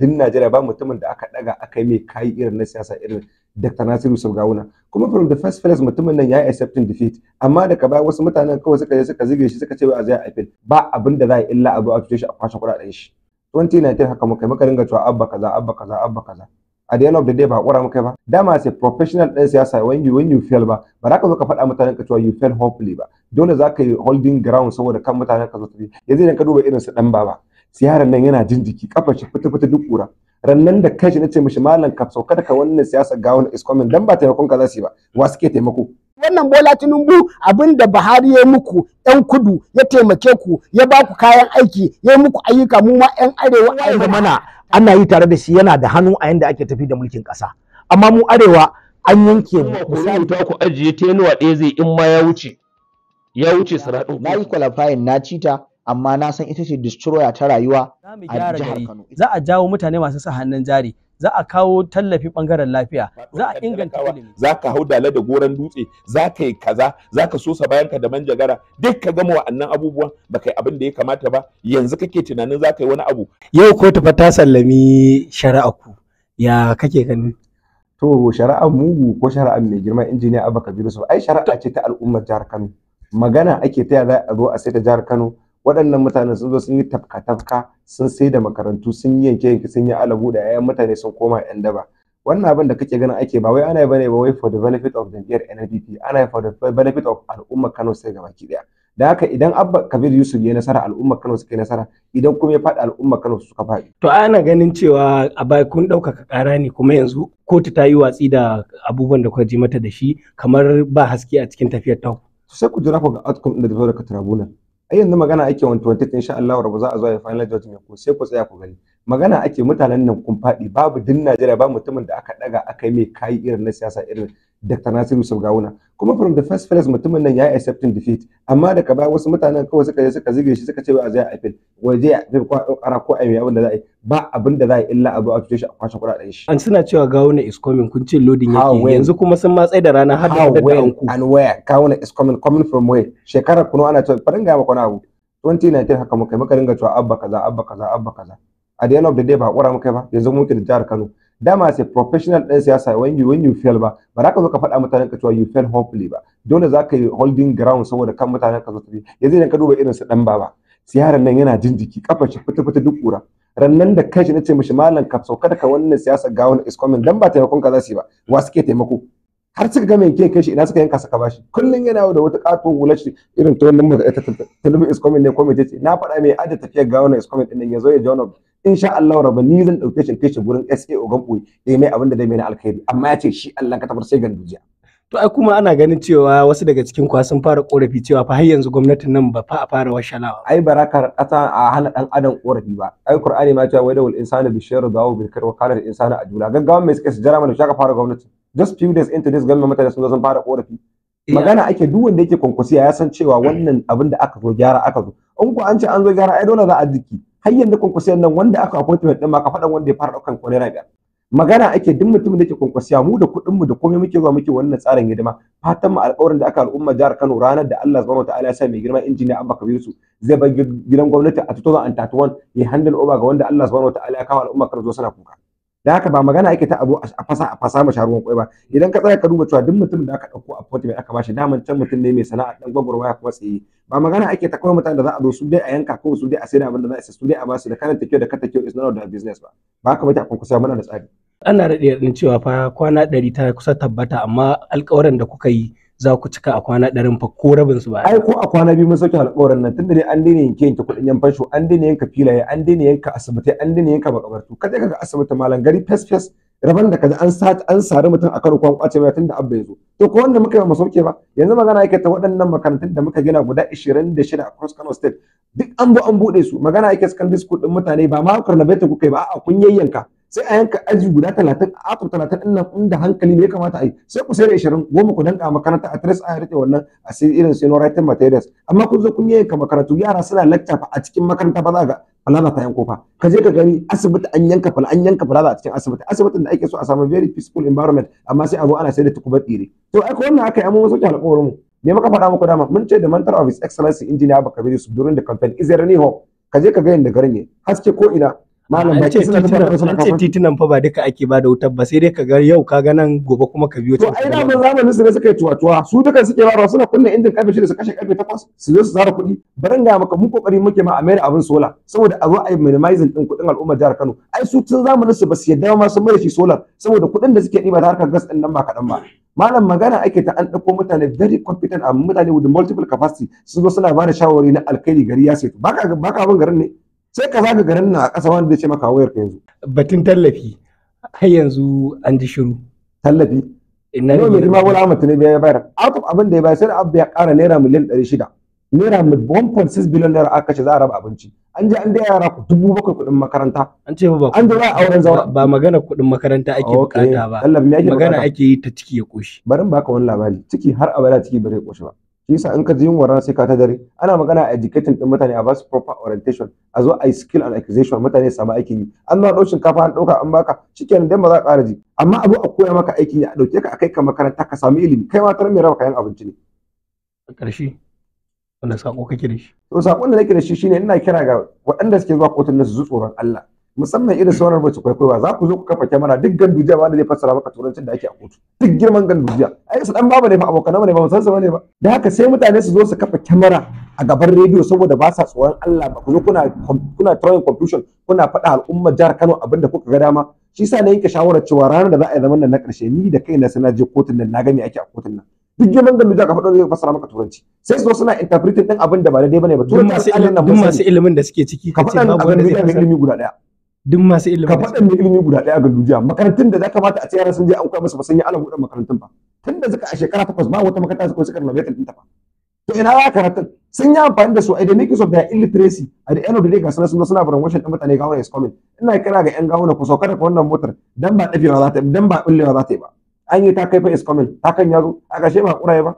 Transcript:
duk Najeriya ba mutumin da aka daga aka yi mai kayi irin na siyasa irin Dr. Nasiru Sabgawuna kuma from the first place mutumin nan ya yi accepting defeat amma daga baya wasu mutanen kawai suka je suka zige shi suka ce ba a zai ba abin da za a illa abu a fice shi a kwashe kuɗaɗen shi 2019 haka muka muka ringa cewa abba kaza abba kaza abba kaza a the end of the day ba hakura muka ba dama sai professional ɗin siyasa when you when you fail ba ba za ka zo ka faɗa mutanen ka cewa you fail hopefully ba dole za ka yi holding ground saboda kan mutanen ka zo su yanzu idan ka duba irin su ɗan baba sai nan yana jin jiki kafar shi fita fita duk kura rannan da kai shi ce mishi malam ka sauka daga wannan siyasa ga wannan iskomin dan ba taimakon ka za su yi ba wa suke taimako wannan bola tinubu abin da buhari ya muku yan kudu ya taimake ku ya ba ku kayan aiki ya muku ayyuka mu ma yan arewa a mana ana yi tare da shi yana da hannu a yanda ake tafi da mulkin kasa amma mu arewa an yanke mu misali ta ku ajiye tenuwa ɗaya zai in ma ya wuce ya wuce na yi qualifying na cita amma na san ita ce destroyer ta rayuwa a jihar Kano za a jawo mutane masu sa hannun jari za a kawo tallafi bangaren lafiya za a inganta ilimi za ka hau dala da goran dutse za ka yi kaza za ka sosa bayanka da manjagara duk ka gama wa'annan abubuwan ba kai abin da ya kamata ba yanzu kake tunanin za ka yi wani abu yau kotu fa ta sallami shari'a ya kake ganin to shari'ar mugu ko shari'ar mai girma injiniya abba kabiru ai shari'a ce ta al'ummar jihar kano magana ake ta za a zo a sai ta jihar kano waɗannan mutanen sun zo sun yi tafka-tafka sun sai da makarantu sun yi yanke-yanke sun yi alabu da 'ya'yan mutane sun koma 'yan daba wannan abin da kake ganin ake ba wai ana yi bane ba wai for the benefit of jam'iyyar NNPP ana yi for the benefit of al'umma Kano sai ga baki daya da haka idan Abba Kabir Yusuf ya nasara al'umma Kano suka nasara idan kuma ya faɗi al'umma Kano suka faɗi to ana ganin cewa a baya kun ɗaukaka ƙara ne kuma yanzu kotu ta yi watsi da abubuwan da kuka ji mata da shi kamar ba haske a cikin tafiyar ta sai ku jira ku ga outcome da ta zo tribunal ai yanzu magana ake tuwanti 20 insha Allah rabu za a zo ya final judgment ko sai ku tsaya ku gani magana ake mutanen nan kun faɗi babu din Najeriya ba mutumin da aka daga aka yi mai kayi irin na siyasa irin Dr. Nasiru Saugawuna kuma from the first place mutumin nan ya yi accepting defeat amma daga baya wasu mutanen kawai suka je suka zige shi suka ce ba zai appeal wai zai appeal ko ara ko ai abin da za a yi ba abin da za a yi illa abu a fice shi a kwashe kuɗaɗen shi an suna cewa gauna is coming kun ce loading yake yanzu kuma sun matsayi da rana har da da anku and where gawuna is coming coming from where shekarar kuno ana cewa farin ga maka na abu 2019 haka muka muka ringa cewa abba kaza abba kaza abba kaza a the end of the day ba kura muka ba yanzu muke da jihar Kano dama sai professional ɗan siyasa when you when you fail ba ba za ka zo ka faɗa mutanen ka cewa you fail hopefully ba dole za ka yi holding ground saboda kan mutanen ka zo tafi yanzu idan ka duba irin su ɗan baba siyaran nan yana jin jiki kafa shi fita fita duk kura rannan da kai na ce mishi malam ka sauka daga wannan siyasa gawon is coming dan ba taimakon ka za su yi ba wa suke taimako har suka ga mai kai shi ina suka yanka suka bashi kullun yana da wata katon hulashi shi irin ta wannan mai ta is coming ne ko mai ce na faɗa mai aje tafiyar gawon is coming din yanzu ya join insha Allah rabba ni zan dauke shi kai shi gurin SA Ogan Boy yayi mai abinda da zai mai na alkhairi amma ya ce shi Allah ka tabar sai dujiya to ai kuma ana ganin cewa wasu daga cikin kwa sun fara korafi cewa fa har yanzu gwamnatin nan ba fa a fara washalawa ai baraka kasa a hana dan adam korafi ba ai qur'ani ma cewa wadawul insanu bi sharri da'u bil kar wa qala al insanu ajula gaggawa mai suka jira mana shaka fara gwamnati just few days into this gwamnati mutane sun zo sun fara korafi magana ake duk wanda yake konkursiya ya san cewa wannan abin da aka zo gyara aka zo in ku an ce an zo gyara ai dole za a jiki har yanzu kwankwasiyar nan wanda aka appointment ɗin ma ka faɗan wanda ya fara ɗaukan kwalera biyar magana ake duk mutumin da ke kwankwasiya mu da kuɗin mu da komai muke zuwa muke wannan tsarin hidima fatan mu alƙawarin da aka al'umma jihar Kano ranar da Allah subhanahu wataala ya sa mai girma injiniya Abba Kabir su zai bar gidan gwamnati a 2031 ya handle over ga wanda Allah subhanahu wataala ya kawo al'umma Kano zo suna kuka da haka ba magana ake ta abu a fasa a fasa ma sharuwan kwai ba idan ka tsaya ka duba cewa duk mutumin da aka ɗauko a mai aka bashi daman can mutum ne mai sana'a dan gwagwarmaya kuma tsaye ba magana ake ta kawai mutane da za a zo su dai a yanka ko su dai a sayar abin da za a su dai a basu da kanan take da kata kyau is not a business ba ba haka bace a kunkusa muna da tsari ana da ɗin cewa fa kwana ɗari ta kusa tabbata amma alƙawarin da kuka yi za ku cika a kwana ɗarin fa ko rabin su ba ai ko a kwana biyu mun sauke alƙawarin nan tunda dai an daina yanke yanke kuɗin yan fansho an daina yanka filaye an daina yanka asibitai an daina yanka makabartu kada kaga asibiti malam gari fes fes raban da kaji an sat an sari mutum a karo kwan kwace mai tunda abba ya zo to ko wanda muka yi ba sauke ba yanzu magana yake ta waɗannan makarantun da muka gina guda 26 a cross Kano state duk an bu an bude su magana yake secondary school din mutane ba ma ta kuka yi ba a kun yayyanka sai a yanka aji guda 30 a 30 din nan inda hankali ne ya kamata a yi sai ku sai da 20 goma ku danka makaranta a tres a rike wannan a sai irin sai no writing materials amma kun zo kun yayyanka makarantu yara suna lecture a cikin makaranta ba za ga falaba ta yanko fa ka je ka gani asibiti an yanka fala an yanka fala a cikin asibiti asibitin da ake so a samu very peaceful environment amma sai abu ana sai da tukubar tsire to ai ko wannan haka ya mun sauke alƙawarin mu me muka faɗa muku dama mun ce da mentor of his excellency engineer Bakabiri Sudurin da campaign is there any hope ka je ka ga da garin ne haske ko ina malam ba ce suna tabbata titunan fa ba duka ake ba da wutar ba sai dai ka ga yau ka ga nan gobe kuma ka biyo ta to ai da mun zamanin su ne suka yi tuwatuwa su dukan suke ba suna kunna injin karfe shida su kashe karfe takwas su zo su zara kuɗi barin ga maka mu kokari muke ma a mayar abin sola saboda a zo a yi minimizing din kuɗin al'ummar jihar Kano ai su tun zamanin su ba su yadda ma sun mai shi solar saboda kuɗin da suke ɗiba ta harkar gas din nan ba kaɗan ba malam magana ake ta an ɗauko mutane very competent a mutane with multiple capacity sun zo suna ba da shawari na alkhairi gari ya sai baka baka abin garin ne sai ka zaga garin nan a ƙasa wanda zai ce maka wayar ka yanzu batun tallafi har yanzu an ji shiru tallafi ina ne mai jima wala mutum biya ya bayar out of abin da ya bayar sai da abu ya ƙara naira miliyan ɗari shida naira 1.6 biliyan naira aka ce za a raba abinci an je an da yara ku dubu bakwai kuɗin makaranta an ce ba an da auren zaura ba magana kuɗin makaranta ake buƙata ba magana ake yi ta ciki ya Barin bari baka wani labari ciki har abada ciki ba zai ƙoshi ba shi yasa in ka ji yunwa rana sai ka ta dare ana magana a educating din mutane a basu proper orientation a zo a skill and acquisition mutane su samu aikin yi an nuna ɗaukin kafa an ɗauka an baka cikin dan ba za a ƙara ji amma abu a koya maka aikin yi a ɗauke ka a kai ka makaranta ka samu ilimi kai ma tarar mai raba kayan abinci ne a ƙarshe wanda sako kake da shi to saƙon da nake da shi shine ina kira ga waɗanda suke zuwa kotun na su tsoron Allah musamman irin sauran kwaikwai kwaikwayo za ku zo ku kafa kyamara duk gandujiya ba da zai fassara maka turancin da ake a kotu duk girman gandujiya ai su dan babu ne ba abokan ne ba musamman su ne ba da haka sai mutane su zo su kafa kyamara a gaban rediyo saboda ba sa tsoron Allah ba ku zo kuna kuna trying confusion kuna faɗa al'ummar jihar Kano abinda kuka ga dama shi yasa na yanke shawarar cewa ranar da za a yi zaman nan na karshe ni da kaina sai na je kotun nan na ga me ake a kotun nan duk girman gandujiya ka faɗa zai fassara maka turanci sai su zo suna interpreting din abinda ba daidai bane ba turanci masu ilimin da suke ciki ka faɗa abin guda daya duk masu ilimi ka faɗa mai ilimi guda ɗaya a Gardujiya makarantun da za ka a ce yaran sun je an koya musu ba sun yi alahu ɗan makarantun ba tun da suka a shekara takwas ba wata makaranta su kuma suka rabe ta ɗinta ba to ina za karatun sun yi amfani da su a idan of da illiteracy a da end da the day ga suna suna barin washin ɗan mutane gawon is coming ina kira ga 'yan na ku saukar ka wannan motar dan ba ɗafewa za ta yi dan ba ɓullewa za ta yi ba an yi ta kai fa is coming hakan ya zo a ƙarshe ba kuraye ba